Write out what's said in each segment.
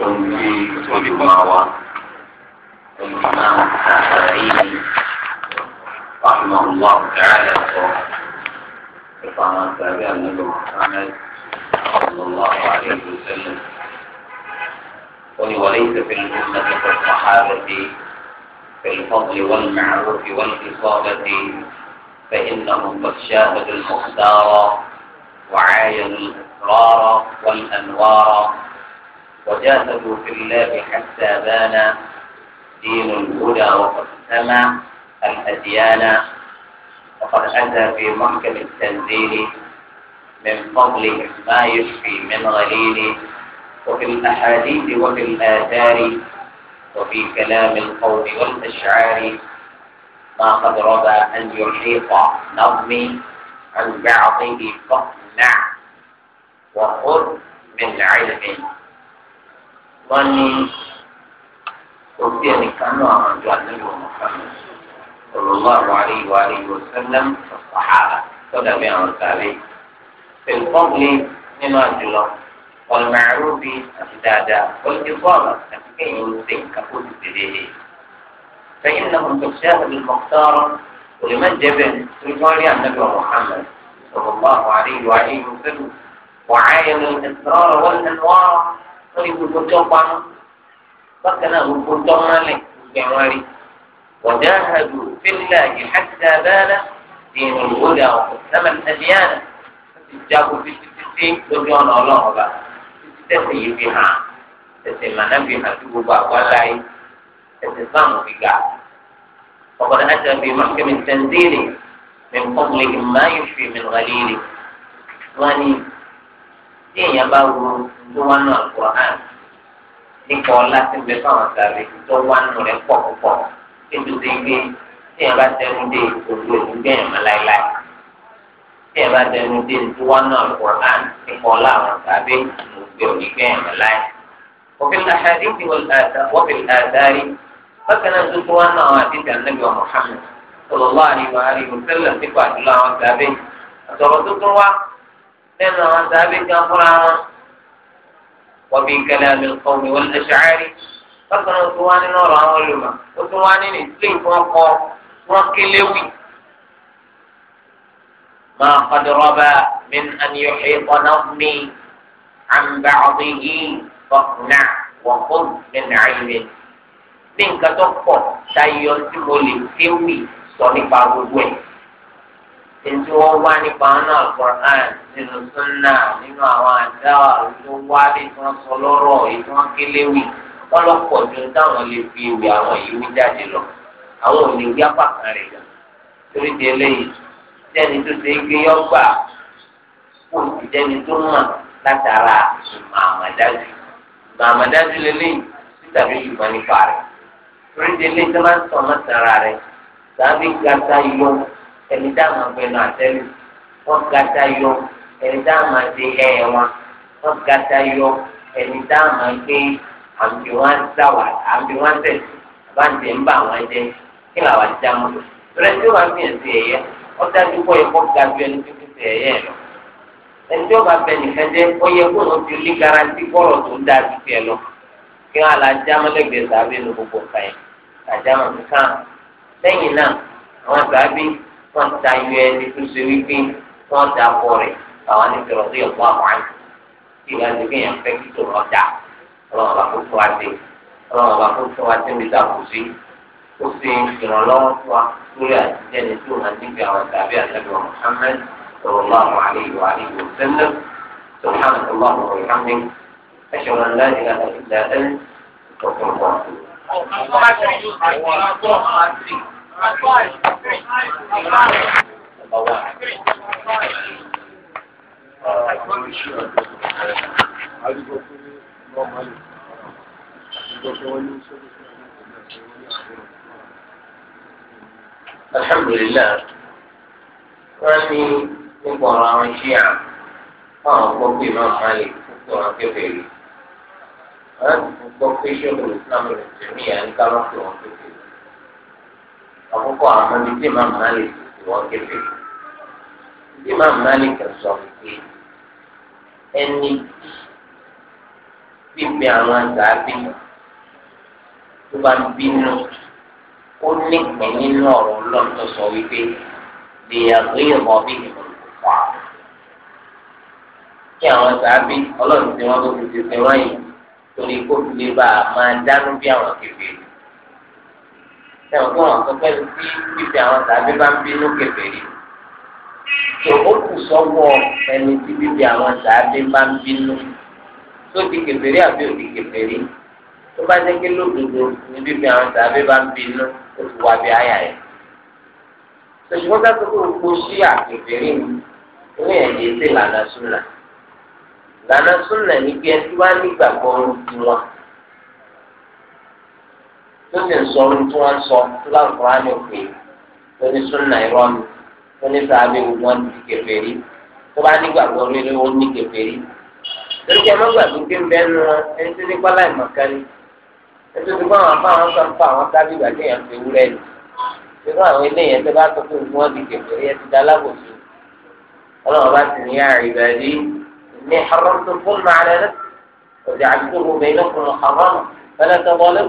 تنجي وبمروى الإمام رحمه الله تعالى وكما تابع النبي محمد صلى الله عليه وسلم وليس في الأمة كالصحابة في الفضل والمعروف والإصابة فإنهم قد شاهدوا المختار وعاينوا الإقرار والأنوار وجاهدوا في الله حتى بان دين الهدى وقد سمع الأديان وقد أتى في محكم التنزيل من فضل ما يشفي من غليل وفي الأحاديث وفي الآثار وفي كلام القول والأشعار ما قد ربى أن يحيط نظمي عن بعضه فاقنع وخذ من علم wọ́n ní òfin ẹnìkan náà àwọn àjọ àdúgbò mọ̀fàmì ọ̀rọ̀lọ́ àwọn àríwá àríwá sẹ́lẹ̀m sàhárà tọ́jà bí àwọn sàlẹ̀ pẹ̀lúpọ́ǹlì nínú àjùlọ ọlọmọ àrùn bí àti dáadáa olùdí bọ́ọ̀lù àti kẹyìn ń ṣe nǹkan kó ti ṣe déédéé fẹ̀yìn náà mo ṣẹ́hùn ìmọ̀tọ́rọ̀ ولمن جبل تقول عن النبي محمد صلى الله عليه وآله وسلم وعاين الإصرار والأنوار wọ́n rí gbogbo tó pamọ́ bákan náà gbogbo tó mọ́lẹ̀ gbogbo àwọn rí wọ́dà àdù fílà ìhàkà dáná ìrìn òwúrọ̀ àwọn ọ̀sẹ̀mẹ̀ ẹ̀díyànà ti jagun títí títí lójú ọ̀nà ọlọ́run ọba títí tẹ̀sẹ̀ yìí fi hàn tẹ̀sẹ̀ màná fi hàn sí gbogbo àgbáńlá yìí tẹ̀sẹ̀ sáàmù gíga ọ̀pọ̀ náà ti rẹ̀ mọ̀kẹ́mi tẹ̀ndínlẹ̀ mẹ́kọ́mùlẹ̀ tí èèyàn bá wo tó wá nù àkùrán nípa ọlá tí ń bẹ fáwọn sàrè tó wá nù rẹ pọ̀ púpọ̀ tí ètò ti gbé tí èèyàn bá tẹnu dé òdo ìgbẹ́yìn mọ́ láéláé tí èèyàn bá tẹnu dé tó wá nù àkùrán nípa ọlá àwọn sàrè òdo ìgbẹ́yìn mọ́ láéláé. وفي الأحاديث والآثار وفي الآثار فكان تتوانا حديث النبي محمد صلى الله عليه وآله وسلم تقوى الله وسلم أترى تتوانا lẹ́nu àwọn sábẹ́ kan fúnra wọn wọ́n bí nkẹ́lẹ́ àmì kọ́wé wọ́n lè ṣàárẹ̀ bákan náà ó tún wá nínú ọ̀rọ̀ àwọn olùmọ̀ ó tún wá nínú ìdílé ìfọ́n kọ wọ́n kélé wì. máa kọ́dọ̀rọ́bà mi àni yọ̀hẹ́ ọ̀nà mi àǹbà ọ̀dọ̀ yìí fọ̀kùnà wọ́n kó mi nàáyé mi. ní nǹkan tó pọ̀ tayọ tí mo lè kéwì sọ nípa gbogbo ẹ̀ ètò wọn wá nípa ọ̀nà àkùrán nínú súnà nínú àwọn àdá ètò wá bí wọn sọ lọ́rọ̀ ètò wọn kéléwì wọn lọ pọ̀ ju táwọn lè fi ìwé àwọn yìí wí jáde lọ àwọn ò lè wí apá kan rẹ̀ gan torí di eléyìí sẹ́ni tó ṣe é gbé yọgbà kò sí sẹ́ni tó mọ̀ látara ìmọ̀ àmàdájú ìmọ̀ àmàdájú lélẹ́yìí títàbí nípa rẹ̀ torí di eléyìí tó máa ń sọ mọ́tara rẹ̀ tàbí gata yọ ẹni tá a máa gbẹnu àtẹlù wọn gata yọ ẹni tá a máa ṣe ẹyẹ wọn wọn gata yọ ẹni tá a máa gbé àmì wọn dáwà àmì wọn tẹ bá ń tẹ ń bá wọn jẹ kí làwọn ajá mọ rẹ tí wọn fi ẹsẹ ẹyẹ wọn dájú kọ ẹkọ ga ju ẹni tó fi ṣe ẹyẹ lọ ẹni tó bá bẹ nìkan jẹ ó yẹ kó wọn fi lé garanti kọrọ tó ń dáa ju tiẹ lọ kí wọn àlàjá mọlẹgbẹ sàbẹ nu gbogbo kan yẹn àjá mọ kankan lẹ́yìn náà àwọn sàbẹ wọ́n ta yọ ẹni tó ṣe wípé wọ́n da pọ̀ rẹ̀ àwọn ní tọrọ sí ọ̀pọ̀ àwọn àyè kí ìwà ti fi yàn fẹ́ kí tòun ọjà ọlọ́run bá kó tó wá dé ọlọ́run bá kó tó wá dé mi dàkú sí ó ṣe ìrànlọ́wọ́ fún wa lórí àtijẹ́ni tó hàn níbi àwọn tàbí àtàbíwọ̀n Muhammad صلى الله عليه وآله وسلم سبحانك اللهم وبحمدك أشهد أن لا إله إلا أنت أستغفرك وأتوب إليك الحمد لله رأني من قراء الشيعة فأرغب بما حالي فكرة في غيري أنا أتبقى في شغل الإسلام والجميع أن كان رفضه في غيري àkókò àwọn ibi tí màmá Malik wọ́n kéde tí màmá Malik sọ pé ẹni pípẹ́ àwọn àgbàbí tó bá ń bínú ó nípìn nínú ọ̀rọ̀ ọlọ́ọ̀tọ̀ sọ wípé lèyàgbé ìwọ̀n bí ìwọ̀n kò pa kí àwọn àgbàbí ọlọ́ọ̀tọ̀ tí wọ́n tó fi ti fi wáyé torí kó fi lè bá a máa dánú bí àwọn kékeré ẹ̀wọ̀n kí wọ́n sọ pé ní tí fífi àwọn tàbí bá ń bínú kèfèrí tó o kù sọ́wọ́ ẹni tí fífi àwọn tàbí bá ń bínú tó di kèfèrí àbí òdi kèfèrí tó bá jẹ́ kí lódodo ní fífi àwọn tàbí bá ń bínú ó ti wá bí àyà yẹn tòṣùwọ́n ká tó kó o ṣí àkèfèrí ní ẹ̀yẹ tí lànà súnà lànà súnà ní kí ẹ tí wàá nígbàgbọ́ wọn tó lè sọ ohun tí wọ́n sọ tó láǹkọ́ á ní òkè tó ní súnà irọ́ mi tó ní sàbẹ̀ wọn ti kèfèrí tó bá nígbàgbọ́ rere ó ní kèfèrí. lórí ẹ̀mọ́ gbàgbé pé ń bẹ́ nu wọn ẹni tó ní pálá ìmọ̀kánì ẹni tó ti kọ́ àwọn afá àwọn kan fa àwọn tábì gbàgbé yẹn fi wúrẹ́ ni. irú àwọn eléyẹn tó bá tó kó fún wọn ti kèfèrí ẹ ti dalábòsí. ọlọ́run bá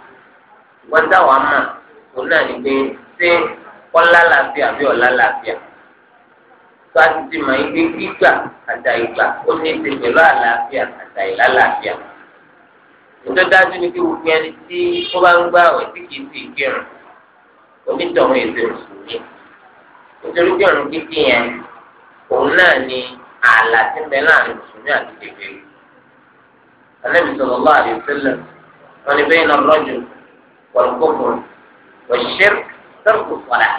wọ́n dá wàá mọ̀ òun náà ni pé ṣé ọlá làbíà bí ọlá làbíà tó a ti ti mọ̀ yín pé gbígbà àtà ìgbà ó ní ti pẹ̀lú àlàáfíà àtà ìlàlàáfíà. Ìjọ dájú ni pé gbogbo ẹni tí ó bá ń gbà wẹ̀ tí kìí sì kírun onítọ̀hún èdè mùsùlùmí. Nítorí pé kíkí yẹn òun náà ni ààlà tí ń bẹ láàrin mùsùlùmí àti kékeré. Ànábì sallallahu alaihi wasallam wọn ni bẹ́ẹ̀ náà lọ́jọ́ والكفر والشرك ترك الصلاه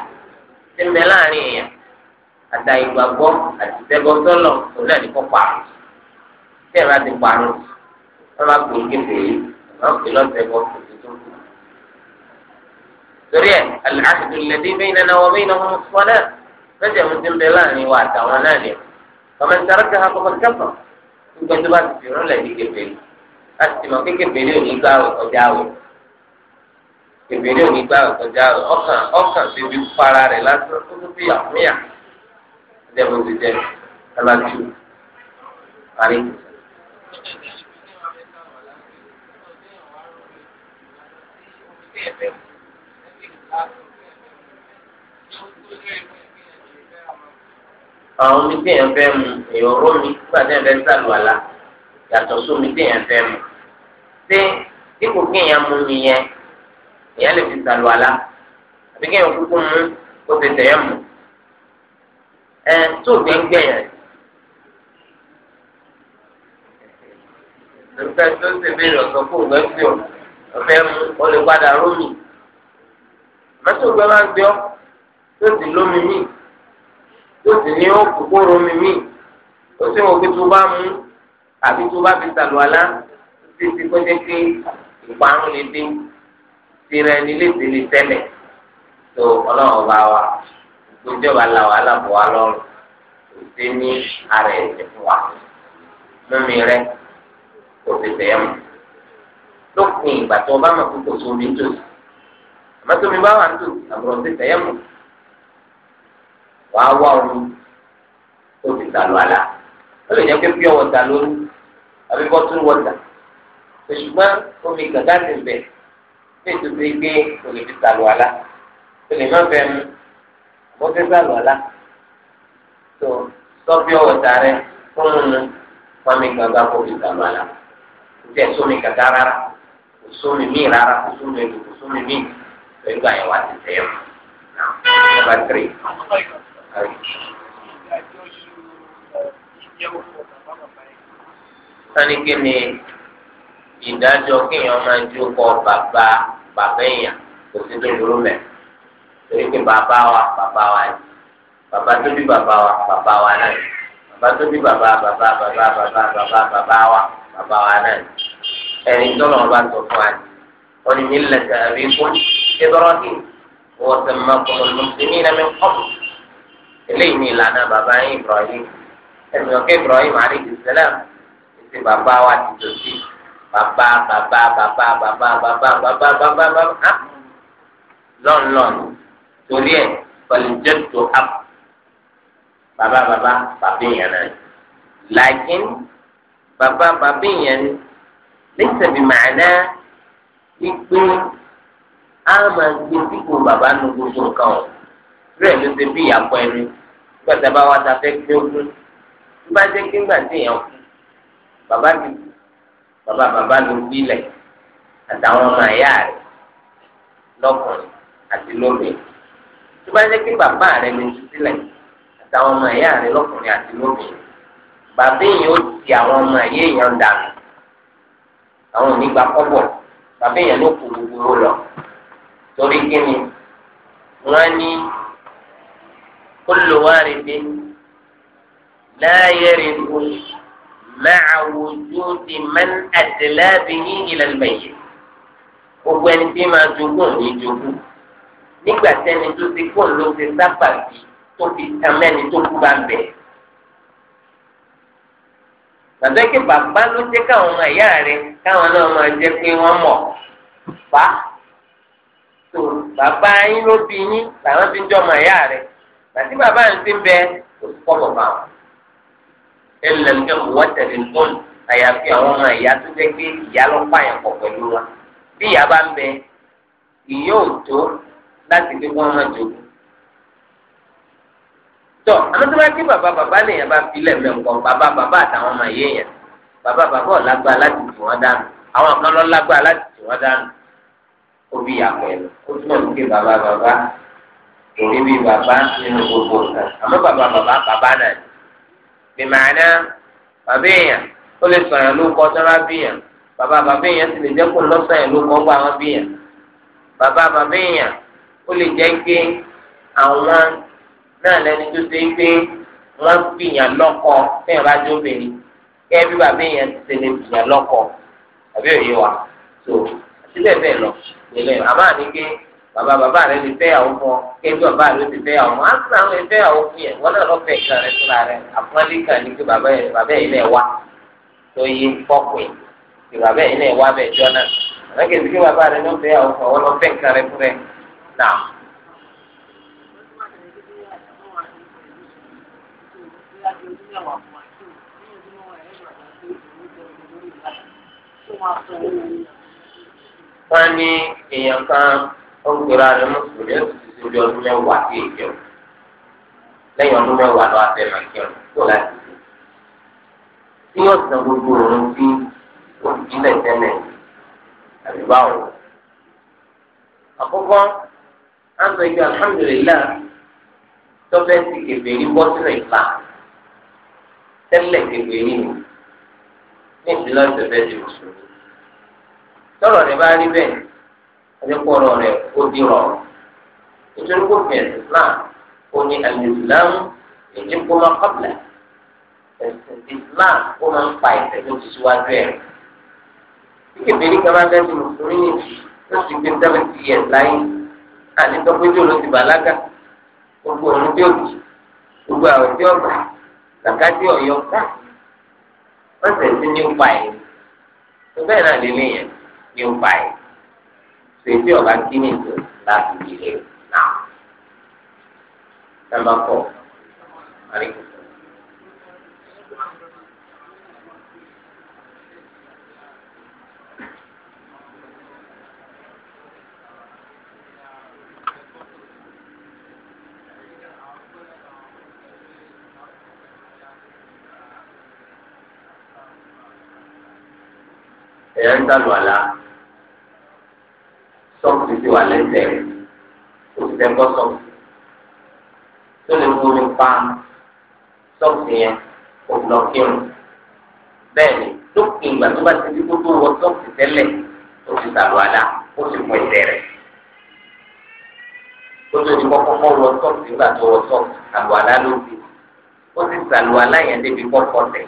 ان لا حتى يبقى حتى يبقى صلى الله عليه وسلم كما تبقى وما كنت في سريع العهد الذي بيننا وبينهم الصلاة فجاء من ذنب الله وعطى فمن تركها فقد كفر ثم تبات في رؤلة كفر أستمع في كفر يجاوي وجاوي èbèrè òní gbà kọjá rẹ ọkàn para rẹ lásán tó tó fi àmúyà jẹun ti jẹ alájú parí. àwọn omi téèyàn fẹ́ mu èèyàn ró mi nígbà téèyàn fẹ́ sàlùwàlà yàtọ̀ sómi téèyàn fẹ́ mu ṣé dípò kéèyàn mú mi yẹn ìyẹn lè fi sàlù àlá àbí kéèyàn kúkú mú kó ti tẹ̀yẹ̀ mú ẹ tó gbẹ ń gbẹ̀yàn. Nígbà tó ṣe béèrè ọ̀sán fún ògbẹ́ fi ọ̀ ọmọ ẹmu ọlẹ́ padà rómì. Mọ́tò ògbẹ́ máa ń gbé ọ́ tó sì lómi mí tó sì ní ó kókó rómi mí ó sì wọ́n pé tó bá mú àbí tó bá fi sàlù àlá títí kó jẹ́ pé ìparun lè dé tìrẹ ní létí ní tẹ́lẹ̀ tó ọlọ́run ọba wa gbogbo ìjọba la wà lábọ̀ wa lọ́rùn kò sí ní ara ẹ̀jẹ̀ fún wa mímí rẹ kò sì tẹ̀yẹ̀ mọ́ lópin ìgbà tó o bá mọ̀ kókò tó omi tó àmọ́ tó omi bá wà ń tò àbúrò sí tẹ̀yẹ̀ mọ́ wàá wá omi tó ti sàlù àlà ó lè jẹ́ pé pure water lórí àbí bottle water ṣùgbọ́n omi gàgá ti bẹ̀rẹ̀ ní ìtòsí gbé olèbí sàlùwàlà olèmọ fẹ́ mu àmọ́ fẹ́ sàlùwàlà tó sọfí ọwọ́ sàrẹ fún un fami gbàgbà kó fi sàlùwàlà kò tẹ sómi kàkà rárá kò sómi mí rárá kò sómi èlò kò sómi mí pẹ̀lú àyẹ̀wò àti sẹyìn nàbà tiri. Sani kí ni ìdájọ́ kéèyàn máa ń jókòó bàbá bàbá èèyàn kò sí tó burú mẹ́ torí pé bàbá wa bàbá wa ni bàbá tó bí bàbá wa bàbá wa náà ni bàbá tó bí bàbá bàbá bàbá bàbá bàbá bàbá wa bàbá wa náà ni ẹni tọ́lọ̀ ọba sọ fún wa ni wọ́n ní nílẹ̀ tàbí kú Ibrahim wọ́n sọ ma kọ́ mùsùlùmí náà mi kọ́ eléyìí ni ìlànà bàbá yín Ibrahim ẹ̀sìn ọ̀kẹ́ Ibrahim alayhi salam ti bàbá wa ti dòtí bàbá bàbá bàbá bàbá bàbá bàbá bàbá bàbá lọ́nlọ́n torí ẹ̀ pẹ̀lújẹ́tò áp bàbá bàbá bàbá yẹn náà làákín bàbá bàbá yẹn lẹ́sẹ̀ bí màánà wípé a máa gbé sípò bàbá nu gbogbo nǹkan o rẹ̀ ló ṣe bí ìyàpọ̀ ẹni gbàtà bá wa ta fẹ́ gbé ogún tó bá jẹ́ kí ń gbà tí èèyàn kú bàbá ti bàbá bàbá ló gbilẹ̀ àtàwọn ọmọ ẹ̀yà rẹ̀ lọ́kùnrin àti lóbìnrin tó bá jẹ́ pé bàbá rẹ̀ ló ti sílẹ̀ àtàwọn ọmọ ẹ̀yà rẹ̀ lọ́kùnrin àti lóbìnrin bàbá èèyàn ó ti àwọn ọmọ ẹ̀yà èèyàn dànù àwọn onígbà kọ́bọ̀ bàbá èèyàn ló kù gbogbo lọ torí kí ni wọ́n ní kullu warithin la yarithu máa wojú di mẹ́n àdìláàbí ní ìlànàmẹ̀yẹ gbogbo ẹni tí máa jogún ní jogún nígbà tẹ́ni tó ti kó ló ti sábà bí tó fi tẹ́mẹ́ni tó kú bá ń bẹ̀. Bàbá kí bàbá ló jẹ́ káwọn ọmọ ìyá rẹ̀ káwọn náà máa jẹ́ pé wọ́n mọ̀ pa bàbá yín ló bí yín làwọn fi ń jọ ọmọ ìyá rẹ̀. Bàtí bàbá ń ti bẹ kò sí kọ́ bọ̀ bá wọn ẹlẹ́m ẹ̀wọ́ tẹ̀lé fún àyàfi àwọn ọmọ ìyá tó jẹ́ pé ìyá ló pààyàn pọ̀ pẹ̀lú wọn bí ìyá bá ń bẹ ìyá ò tó láti gbé wọn máa jogún. tọ́ àwọn tó bá dé bàbá bàbá lèèyàn bá filẹ̀ mẹ́ǹkan bàbá bàbá àtàwọn ọmọ yéèyàn bàbá bàbá ò lágbára láti tì wọ́n dànù àwọn kan lọ lágbára láti tì wọ́n dànù òbí yàpọ̀ ẹ̀ ó túmọ̀ sí pé bàbá bàbá èmi bàbá nínú gbogbo nǹkan àmọ́ bàbá bàbá bàbá náà ni bìmọ̀ọ́nà bàbá èèyàn ó lè sọ̀rọ̀ ló kọ́ sọ́ra bìyàn bàbá bàbá èèyàn sì lè jẹ́ kó lọ́sàn yẹn ló kọ́ gba àwọn bìyàn bàbá bàbá èèyàn ó lè jẹ́ pé àwọn náà lẹni tó ṣe pé wọ́n bìyàn lọ́kọ fẹ́ẹ̀ bá jó obìnrin kẹ́ bí bàbá èèyàn ti ṣe lè bìyàn lọ́kọ àbí òye wa tó àti bẹ́ẹ̀ bẹ́ẹ̀ lọ ìlẹ̀ àmọ́ àníkè bàbá bàbá rẹ ti fẹ́ àwọn fún ọ kẹ́bí bàbá rẹ ti fẹ́ àwọn á sàn àwọn ìfẹ́ àwọn fún yẹn wọn náà lọ fẹ́ kan rẹ fúnra rẹ àpọ́nlé kan ní kí bàbá yẹn bàbá yẹn náà wá tó yí fọ́pẹ́ kí bàbá yẹn náà wá bẹ́ẹ̀ jọ náà àwọn kẹ́bí kí bàbá rẹ náà fẹ́ àwọn fún ọ wọn lọ fẹ́ kan rẹ fúnra rẹ náà. wọ́n ní èèyàn kan. ọ̀gbẹ́ra rẹ̀ mùsùlùmí ó ti torí ọdún mẹ́wàá sí ìjọ lẹ́yìn ọdún mẹ́wàá lọ́wọ́ abẹ́ máa kí kó láti ṣe. tí yóò san gbogbo òun sí òbílẹ̀ tẹ́lẹ̀ àbí báwo. àkọ́kọ́ á sọ ibi alhamdulilayi ti kèbèrè bọ́ sínú ìlà tẹ́lẹ̀ kèbèrè ni ní ìdílé àdékọ̀rọ̀ rẹ̀ ó di rọrùn nítorí kó fi ẹ̀sìn islam ó ní al-islam kó máa kọ́pìlà ẹ̀sìn islam ó máa ń pa ẹ̀sẹ̀ tó ti síwájú ẹ̀ bí kébèrè kan máa bẹ́ẹ̀ ti mùsùlùmí ní ó sì gbé seventy years láyé àti tọ́pẹ́jì ló ti bàlágà gbogbo òun tí ó bì gbogbo àwọn tí ó bà làkàtì ọ̀yọ́ ká wọ́n tẹ̀sí ní ó pa ẹ̀ bẹ́ẹ̀ náà lè léyìn ní ó pa ẹ̀. ṣètì ọ̀gá kí ní ìlú láti ìdílé náà. Sábà kọ̀ àrí. Ẹ̀yà ń dàlù àlá. wà lẹ́sẹ̀ rẹ̀ kò sì tẹ́kọ́ sọ́ọ̀kì tó lè mú mi pa sọ́ọ̀kì yẹn kò lọ kírun bẹ́ẹ̀ ni lókè ìgbà tó bá ti di kó tó wọ sọ́ọ̀kì tẹ́lẹ̀ tó ti sàlù àdá ó sì mú ẹsẹ̀ rẹ̀ tó tó di kọ́kọ́ wọ sọ́ọ̀kì nígbà tó wọ sọ́ọ̀kì àlù àdá ló fi ó ti sàlù àdá yẹn débi kọ́kọ́ tẹ̀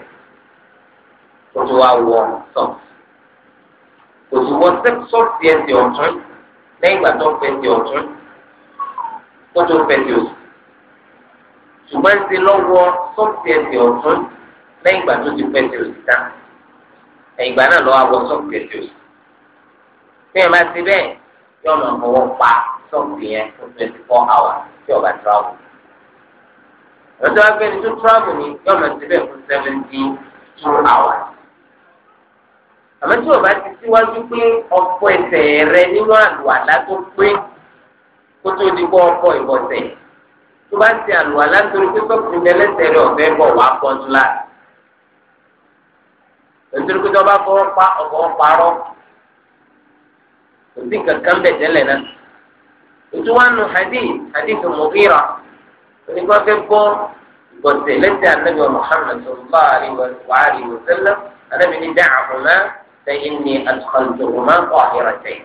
kó tó wá wọ sọ́ọ̀kì kò sì wọ sọ́ọ̀kì ẹsẹ̀ ìgbà tó ń pẹ̀tẹ̀ ọ̀tún kó tó pẹ̀tẹ̀ òsì ṣùgbọ́n ti lọ́wọ́ sọ́ọ̀tì ẹ̀tẹ̀ ọ̀tún lẹ́yìn ìgbà tó ti pẹ̀tẹ̀ òsì tán ẹ̀yìn ìgbà náà lọ́wọ́ àwọ̀ sọ́ọ̀tì ẹ̀tẹ̀ òsì bí ẹ̀ máa ti bẹ́ẹ̀ yọ ọ̀nà ọ̀wọ́ pa sọ́ọ̀tì yẹn fún twenty four hours tí ọba travel lọ́jọ́ agbẹ́ni tó travel ni yọ ọ̀nà ti bẹ́ẹ̀ fún seventy two hours àmọ́ tí o bá ti síwájú pé ọ̀pọ̀ ẹsẹ̀ rẹ nínú àlùwàlá tó pé kó tó di kó ọ̀pọ̀ ìbọ̀sẹ̀ tó bá ti àlùwàlá torí pé sọ́kùnrin lẹ́lẹ́sẹ̀ rẹ ọ̀fẹ́ bọ̀ wá pọ́ńtù la nítorí pé tí wọ́n bá fọwọ́ pa ọ̀pọ̀ parọ́ kò sí kankan bẹ̀ tẹ́lẹ̀ náà ètò wa nù hadith hadith Mughira onígbà fẹ́ bọ́ ìbọ̀sẹ̀ lẹ́sẹ̀ anábìyàn Muhammad sallallahu alaihi wa sallam anábìyàn dáhà fún sẹ́yìn ní àtúkọ̀ǹtò ọ̀má kọ̀ àyẹ̀rọ̀tẹ̀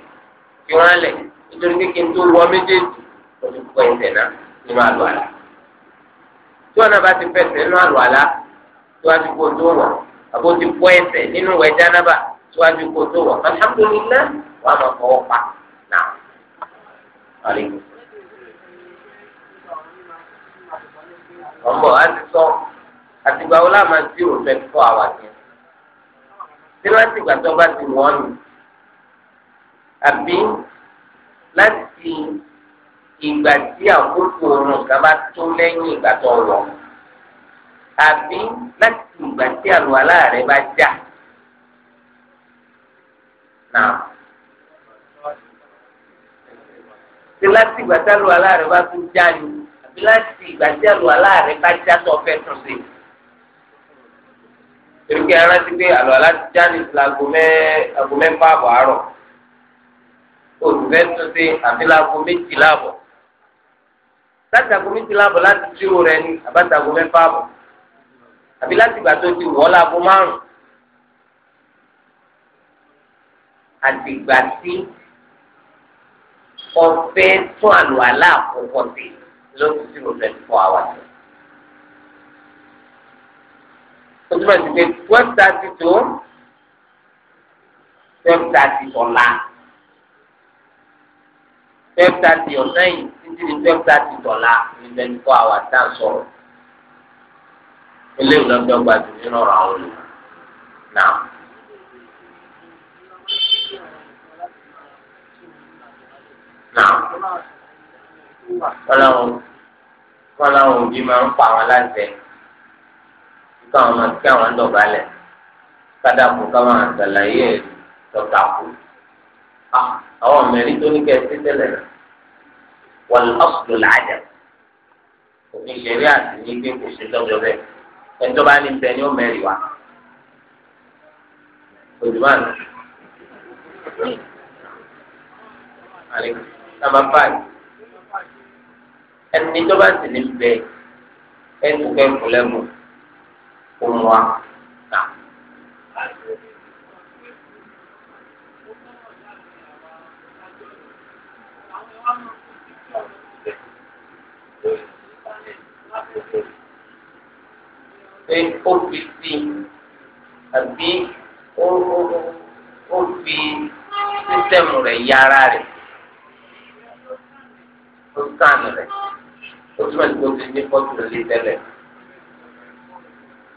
fi wọ́n lẹ̀ nítorí kékeré tó wọ méjèèjì ó ti kọ́ ẹsẹ̀ náà nínú àlọ́ àlá. tí wọn náà bá ti fẹsẹ̀ nínú àlọ́ àlá síwájú kó tó wọ̀ àbó ti kọ́ ẹsẹ̀ nínú ìwẹ̀ jánábà síwájú kó tó wọ̀ alhamdulillah wọn máa fọwọ́ pa náà. ọmọ àti sọ àtìgbà wo láà máa zero twenty four hours ni tí wọ́n ti gbàtọ́ bá ti wọ́n nù àbí láti ìgbà tí àkókò oorun kan bá tó lẹ́yìn ìgbà tó wọ̀ àbí láti ìgbà tí àlùwàlá rẹ̀ bá já. Náà ti láti ìgbà tí àlùwàlá rẹ̀ bá tún já ni àbí láti ìgbà tí àlùwàlá rẹ̀ bá já tó ọ̀fẹ́ tún sí i erike arántí pé àlọ́ aláti jáde ti lago mẹ́fà àbọ̀ àárọ̀ olùfẹ́ tún ṣe àfi lago méjìlá àbọ̀ láti ago méjìlá àbọ̀ láti tírò rẹ ní àbáta ago mẹ́fà àbọ̀ àbí láti ìgbà tó ti wọ́ lago márùn-ún àtìgbà tí ọ̀fẹ́ tún àlọ́ aláàkọ́kọ́ sí ló ti tírò rẹ fún àwọn àti. ojúmọ̀ ti pé twelve thirty to twelve thirty ọ̀la twelve thirty ọ̀sán yìí títí di twelve thirty ọ̀la ní twenty four hours tá a sọ̀rọ̀ eléyìí lọ́dọ̀ gbàdúrà nínú ọ̀rọ̀ àwọn olùkọ́ náà. Náà, wọ́n òbí máa ń pa àwọn aláǹtẹ̀ káwọn máa kí àwọn dọ̀bálẹ̀ kádàpọ̀ káwọn àtàlàyé tọ́tàkù ah, àwọn mẹ́rin tó ní kẹ́sí tẹ́lẹ̀ náà wọ́n lọ́sùn làájà òfin ṣẹ̀rí àti ní pé kò sí lọ́jọ́ bẹ́ẹ̀ ẹjọ́ bá ní bẹ́ẹ̀ ni ó mẹ́rin wá òdùmáà àlè nàmbà fáì ẹni tó bá sì ní bẹ́ẹ̀ ẹ̀ tó kẹ́ lẹ́mùú mú wa. pé ó fi sí àbí ó ó fi sísẹ́mù rẹ̀ yá ara rẹ̀ ó sàn rẹ̀ ó túmọ̀ sí pé ti ní pọ́tù lórí tẹ́lẹ̀.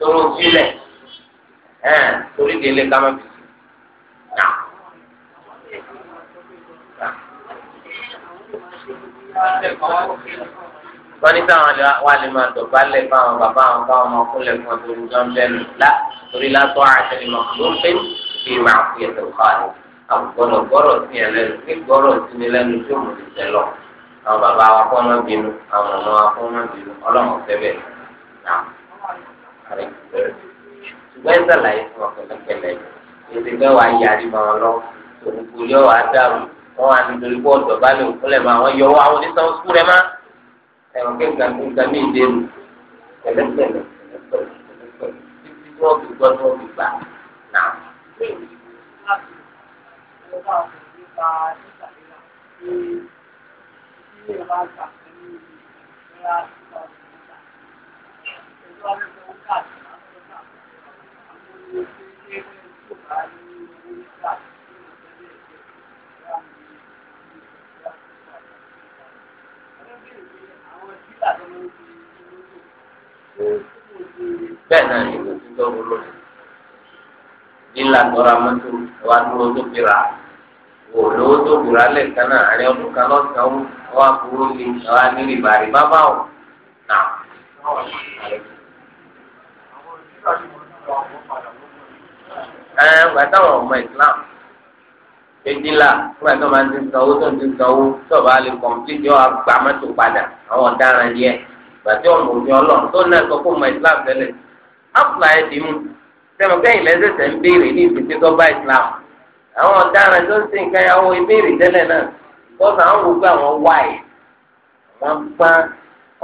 tóró sílẹ̀ ẹ̀ torí délé ká má fi sí. wọ́n ní sáwọn wa lè máa dọ̀bálẹ̀ fáwọn bàbá àwọn fáwọn ọmọkúnlẹ̀ fún ọdún ìjọ ń bẹ́ẹ̀ la torí látọ̀ àtẹlẹ́ máa ló ń pè fi máa fi ẹ̀sẹ̀ kọ́ni àgbọ̀dọ̀ gbọ́rọ̀ sí ẹ lẹ́nu pé gbọ́rọ̀ sí ni lẹ́nu tó mú ti tẹ̀ lọ àwọn bàbá wa kọ́ ọmọ bínú àwọn ọmọ wa kọ́ ọmọ bínú ọlọ́mọ fẹ́ bẹ́ẹ̀ rẹ̀ ṣùgbọ́n ẹ̀ sàlàyé fún ọ̀kẹ́lẹ́kẹ́lẹ́ ètò ìgbẹ́ wa yarí ni wọn lọ òkùnkùn yọ wá dàrú wọn wà nítorí pé ọ̀dọ̀ bá lè òkúlẹ̀ mọ́ àwọn yọwọ́ àwọn oníṣàn sùkúl rẹ̀ má ẹ̀rọ kẹ́kẹ́ nǹkan mí ìdérù pẹ̀lẹ́pẹ̀lẹ́ títí wọ́n fi gbọ́ tí wọ́n fi gbà náà. Thank you bẹ́ẹ̀ náà ni kò sí tọ́wọ́ lónìí nílà tọ́ra mọ́tò wa dúró tó fira wò lówó tó fira lẹ́ẹ̀kan náà àárẹ̀ ọdún kan lọ́sàn-án wa kúrò ní àwa ní rìbá rìbá báwò náà. ẹ gbà táwọn ọmọ islam ìdílà nígbà tó máa ń ti sanwó tó ń ti sanwó tọ́ba lè kọ̀m̀pútì yọ àgbà mọ́tò padà àwọn ọ̀daràn yẹ gbàtí ọ̀nà òfin ọlọ́run tó náà sọ fún ọmọ islam tẹ́lẹ̀ áfùlà ẹ̀ dìímù sẹ́mu kẹ́yìn lẹ́sẹ̀sẹ̀ ń béèrè ní ìfìdí tọ́ba islam àwọn ọ̀daràn tó ń sin nǹkan yà wọ ìbéèrè tẹ́lẹ̀ náà bọ́sà àwọn gbogbo àwọn wáyé wọ́n gbá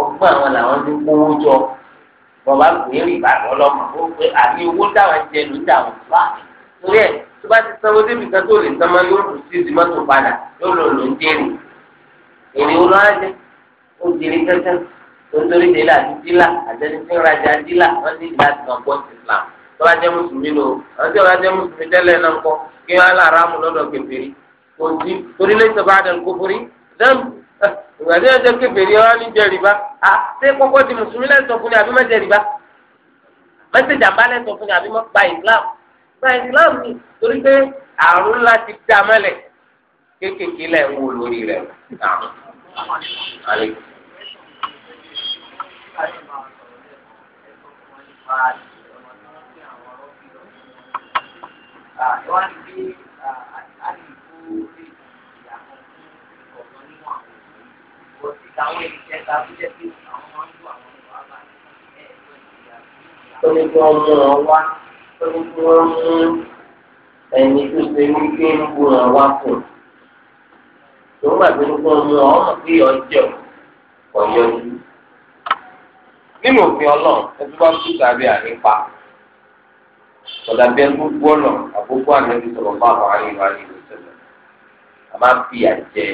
ọgbọ́n àwọn làwọn ti kówó jọ bọ̀bá ń pè é rí ìbàdàn ọlọ́mọ ó pé àmì owó táwọn jẹ ló dà wọ́n fà torí ẹ̀ tó bá ti sanwó débi kan tó lè san máa yóò lù sí ìdímọ́tò padà yóò lò lò ń dérè èrè olú ajẹ ó dèrè kẹ́kẹ́ nítorí dèrè àti dílà dílà wọ́n ti dá àtìmọ̀ gbọ́ ti Islam tó bá jẹ́ mùsùlùmí lò wọ́n ti bá jẹ́ mùsùlùmí tẹ́lẹ̀ náà kọ́ kí wọ́n á lọ aráàmù lọ́dọ̀ kẹfìrí kò sí torí lẹ́sẹ̀ bá dẹ̀ kófórí dẹ́nu ìgbà tí ẹjẹ kébèrè wa ní jẹrìbá à ṣé kọ́kọ́ di mùsùlùmí lẹ́sọ̀ fún ni àbí má jẹrìbá mẹ́sẹ̀jì àbá lẹ́sọ̀ fún ni àbí má pa islam pa islam ni torí pé àrùn ńlá ti dá mẹ́lẹ̀ kéékèèké lẹ̀ ń wo lórí rẹ̀ náà. táwọn ènìyàn ta tó jẹ́ pé àwọn máa ń lo àwọn ọmọ àbá ó ní kí wọ́n mú wọn wá ó ní kí wọ́n mú ẹni tó ṣe wípé ń bu wọn wá kù tòun bàtí ó mú wọn ọmọ pé ọjọ́ ọ̀yọ́jú nínú òfin ọlọ́run ẹtú bá tún tàbí ànípa ọ̀dàbí ẹgbẹ́ gbọ́nà àkókò ànábi sọ̀rọ̀ bá àwọn àríwá ìlú sẹ́lẹ̀ a máa fi àjẹ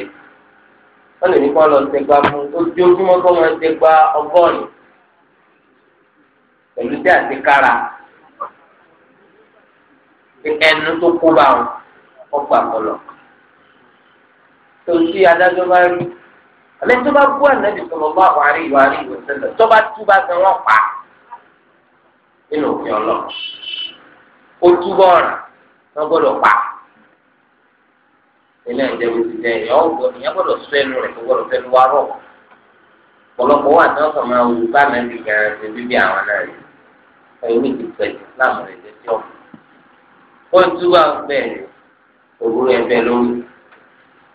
wọ́n lè ní kó lọ tẹgbà fún ojoojúmọ́ kó máa tẹgbà ọgọ́rin pẹ̀lú dí àti kára ẹnu tó kó bá wọn ọgbà kọlọ tó sí adájọ́ bá rí àmì tó bá bú ànábì sọ̀rọ̀ bá wàrí ìwárí ìwòsàn tó bá tú bá gan wọn pa nínú òfin ọlọ ó túbọ̀ ọ̀ràn wọn gbọ́dọ̀ pa ilé ẹ̀jẹ̀ bó ti jẹ ìyá ọ̀gbọ́n ìyá gbọ́dọ̀ sọ ẹnu rẹ̀ kó gbọ́dọ̀ fẹ́nu wá rọ̀ ọ̀pọ̀lọpọ̀ wà tí wọ́n kàn máa wù bá nàbì gan ṣe bíbí àwọn náà rẹ̀ ẹ̀yọ́ mi ti pẹ̀ islam rẹ̀ jẹ́ tí ọ̀pọ̀ wọ́n túbà bẹ́ẹ̀ òwúrọ̀ ẹ̀bẹ̀ lórí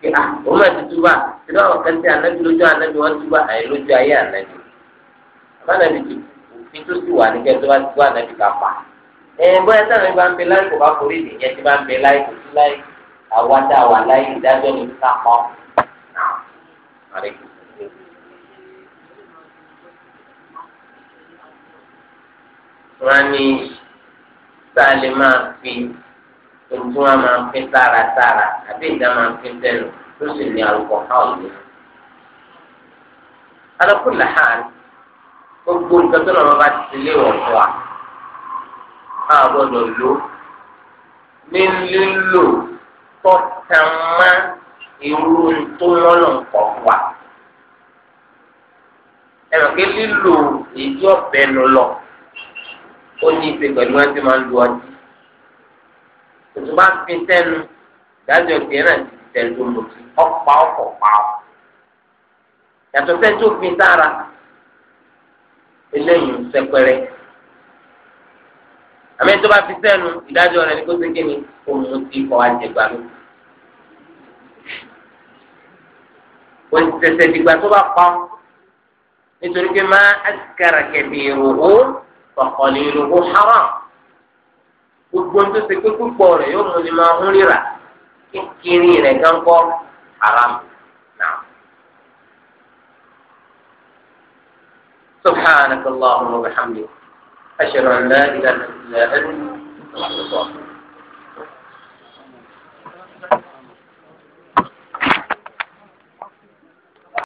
kí à ah, òun náà ti túbà tí wọ́n kàn sí ànábì lójú ànábì wọ́n túbà àyè lójú ayé ànábì àbánábì ti òfin tó sì wà nígbà tó bá túbà ànábì ká pa ẹ̀ bóyá sáà àwa tá a wà láyé ìdájọ́ ní ká pọ́. wọ́n ní sáàlì máa fi tuntun wọn máa fi tààràtààrà àbí ìdá máa fi tẹnu tó sì ní àlùkò káwọn ní. alákùnlé hàn gbogbo nǹkan tó lọ́wọ́ bá ti lé wọ̀ fún wa. a gbọ́dọ̀ lò ní lílò tọ́tàn má irú tó lọ́nà pọ̀ wá. ẹnì pé lílo èyí ọ̀bẹ nu lọ ó ní ìpè pẹ̀lú wọn tí máa ń lu ọtí. tòtún bá fi sẹ́nu dájọ́ tiẹ̀ náà ti ti tẹ̀lé lò sí ọ̀pá ọ̀pọ̀ pa yàtọ̀ sẹ́ni tó fi sára eléyìí ń sẹ́pẹ́rẹ́. àmì tó bá fi sẹ́nu ìdájọ́ rẹ̀ ní kó ṣe kí ni ko sì kíni ni oun ti kọ́ àjẹgbà ló. kò tẹ̀sẹ̀ dìgbà tó bá kọ́ nítorí pé má àkàrà kẹ̀bì ìròhó ọ̀kọ̀lì ìròhó haram gbogbo tó ṣe pé púpọ̀ rẹ̀ yóò mú ni máa ń ríra kékeré rẹ̀ gan kọ́ haram náà. سبحانك اللهم وبحمدك أشهد أن لا إله إلا أنت أستغفرك